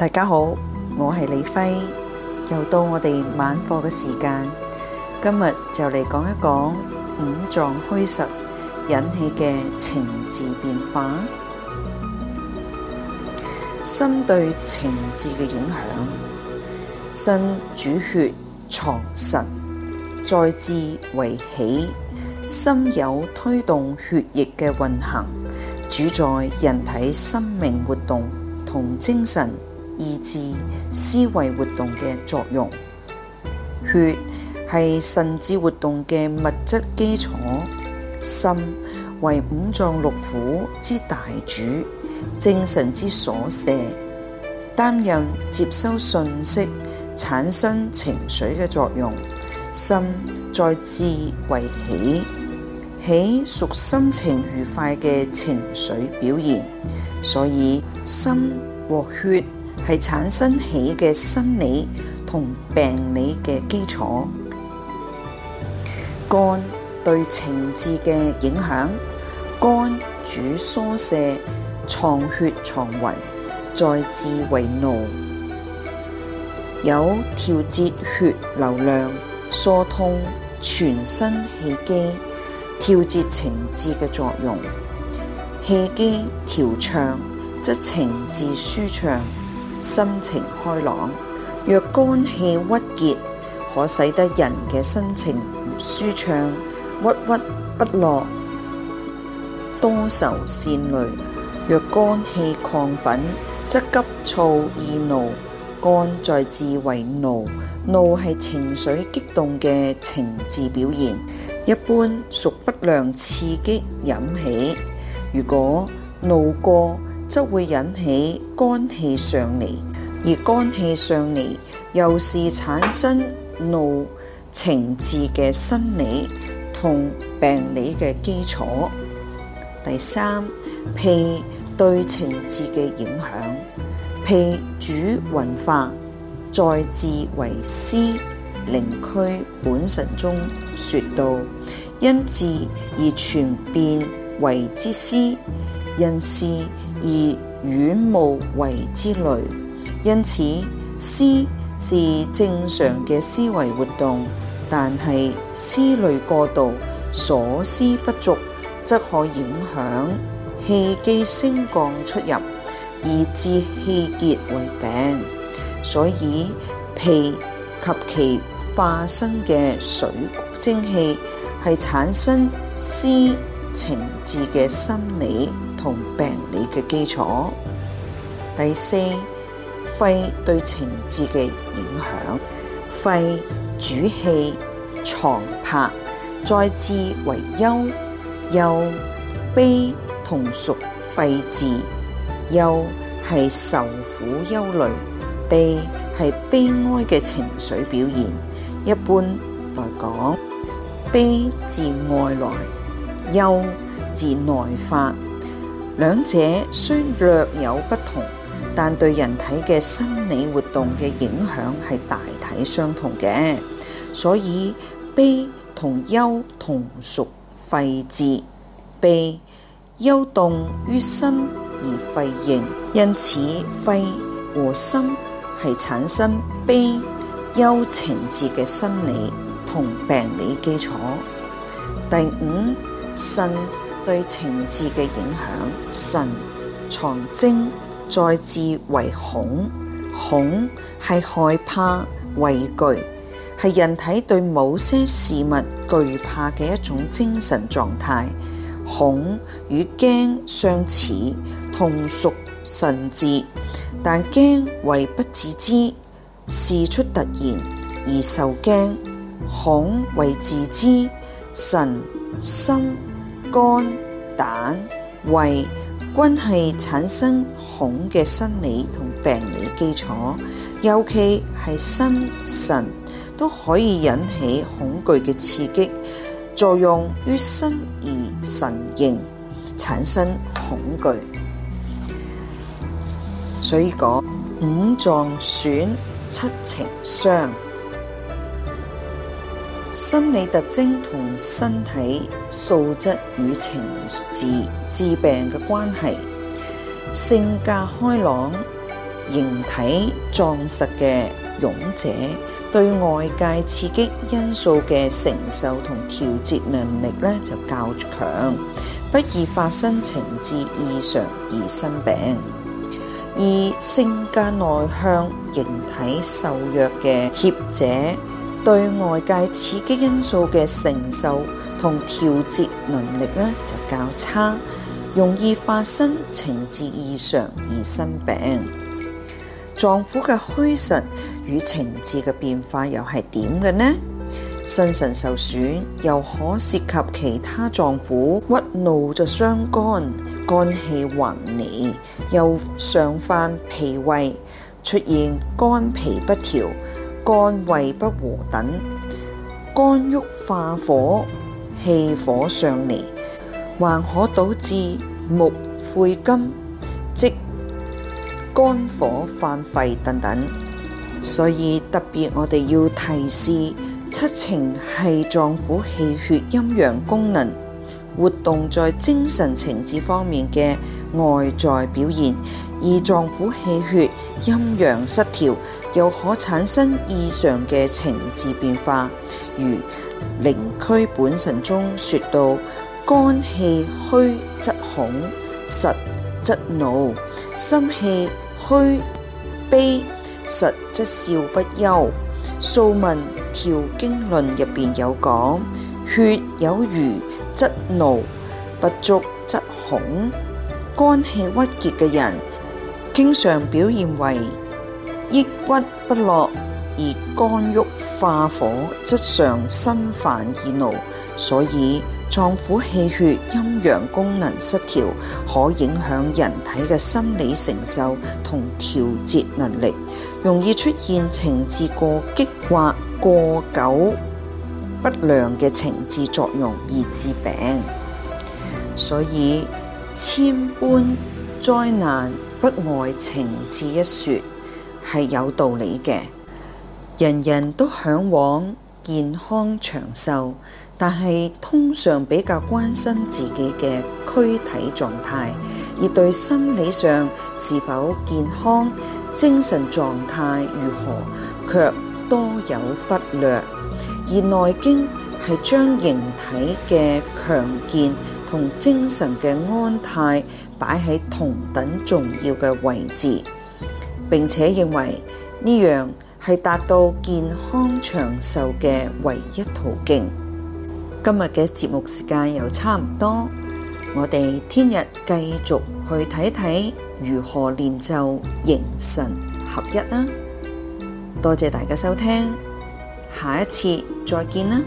大家好，我係李輝，又到我哋晚課嘅時間。今日就嚟講一講五臟虛實引起嘅情志變化，心對情志嘅影響。心主血藏神，在志為喜。心有推動血液嘅運行，主宰人體生命活動同精神。意志思維活動嘅作用，血係神志活動嘅物質基礎，心為五臟六腑之大主，精神之所舍，擔任接收信息、產生情緒嘅作用。心在志為喜，喜屬心情愉快嘅情緒表現，所以心和血。係產生起嘅生理同病理嘅基礎。肝對情志嘅影響，肝主疏泄、藏血藏、藏魂，在志為怒，有調節血流量、疏通全身氣機、調節情志嘅作用。氣機調暢，則情志舒暢。心情開朗，若肝氣鬱結，可使得人嘅心情舒暢，鬱鬱不樂，多愁善淚；若肝氣亢奮，則急躁易怒。肝在志為怒，怒係情緒激動嘅情志表現，一般屬不良刺激引起。如果怒過，則會引起肝氣上嚟，而肝氣上嚟又是產生怒情志嘅生理同病理嘅基礎。第三，脾對情志嘅影響，脾主運化，在志為思。靈樞本神中說到，因志而傳變為之思，因思。而遠無為之類，因此思是正常嘅思維活動，但係思慮過度，所思不足，則可影響氣機升降出入，以致氣結為病。所以脾及其化生嘅水穀精氣，係產生思情志嘅心理，同病理嘅基礎。第四，肺對情志嘅影響。肺主氣，藏魄，在志為憂、憂悲同屬肺志。憂係受苦憂慮，悲係悲哀嘅情緒表現。一般嚟講，悲自外來，憂自內發。兩者雖略有不同，但對人體嘅生理活動嘅影響係大體相同嘅。所以悲同憂同屬肺志，悲憂動於心而肺應，因此肺和心係產生悲憂情志嘅生理同病理基礎。第五，腎。對情志嘅影響，神藏精，在志為恐，恐係害怕、畏懼，係人體對某些事物懼怕嘅一種精神狀態。恐與驚相似，同屬神志，但驚為不自知，事出突然而受驚；恐為自知，神心。肝、膽、胃均係產生恐嘅生理同病理基礎，尤其係心神都可以引起恐懼嘅刺激作用，於身而神形產生恐懼，所以講五臟損七情傷。心理特徵同身體素質與情志治，致病嘅關係，性格開朗、形體壯實嘅勇者，對外界刺激因素嘅承受同調節能力呢就較強，不易發生情志異常而生病；而性格內向、形體瘦弱嘅怯者。對外界刺激因素嘅承受同調節能力呢，就較差，容易發生情志異常而生病。臟腑嘅虛實與情志嘅變化又係點嘅呢？身神受損又可涉及其他臟腑，鬱怒就傷肝，肝氣橫逆又上犯脾胃，出現肝脾不調。肝胃不和等，肝鬱化火，氣火上逆，還可導致木侮金，即肝火犯肺等等。所以特別我哋要提示七情係臟腑氣血陰陽功能活動在精神情志方面嘅外在表現，而臟腑氣血陰陽失調，又可產生異常嘅情志變化，如《靈樞·本神》中説到：肝氣虛則恐，實則怒；心氣虛悲，實則笑不休。《素問·調經論》入邊有講：血有餘則怒，不足則恐。肝氣鬱結嘅人，經常表現為，抑鬱不樂，而肝鬱化火，則常心煩易怒，所以臟腑氣血陰陽功能失調，可影響人體嘅心理承受同調節能力，容易出現情志過激或過久不良嘅情志作用而致病，所以千般災難，不外情志一說。係有道理嘅，人人都嚮往健康長壽，但係通常比較關心自己嘅軀體狀態，而對心理上是否健康、精神狀態如何，卻多有忽略。而《內經》係將形體嘅強健同精神嘅安泰擺喺同等重要嘅位置。並且認為呢樣係達到健康長壽嘅唯一途徑。今日嘅節目時間又差唔多，我哋聽日繼續去睇睇如何練就形神合一啦。多謝大家收聽，下一次再見啦。